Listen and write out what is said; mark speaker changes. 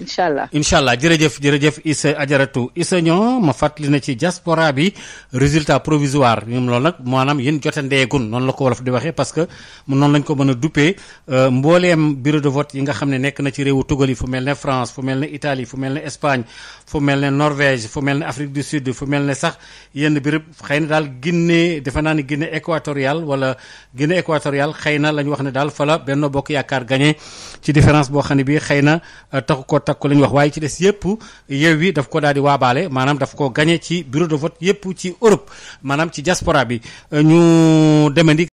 Speaker 1: incha allah
Speaker 2: incha allah jërëjëf jërëjëf Issa Ajaratu Issa ñoo ma fàttali na ci diaspora bi résultat provisoire ñoom loolu nag maanaam yéen jote ndeegun noonu la ko wolof di waxee parce que noonu lañ ko mën a duppee euh, mbooleem bureau de vote yi nga xam ne nekk na ci réewu tugal fu mel ne France fu mel ne itali fu mel ne Espagne fu mel ne Norvège fu mel ne Afrique du Sud fu mel ne sax yenn béréb xëy na daal Guinée defe naa ni Guinée équatoriale wala ginne équatoriale xëy na la ñu wax ne daal fa la Benno Yaakaar gagné ci différence boo xam ne bii xëy na euh, taxu takku la ñu wax waaye ci des yëpp yeew wi ko daal di waabaale maanaam daf ko gagné ci bureau de vote yëpp ci Europe maanaam ci diaspora bi ñu demandi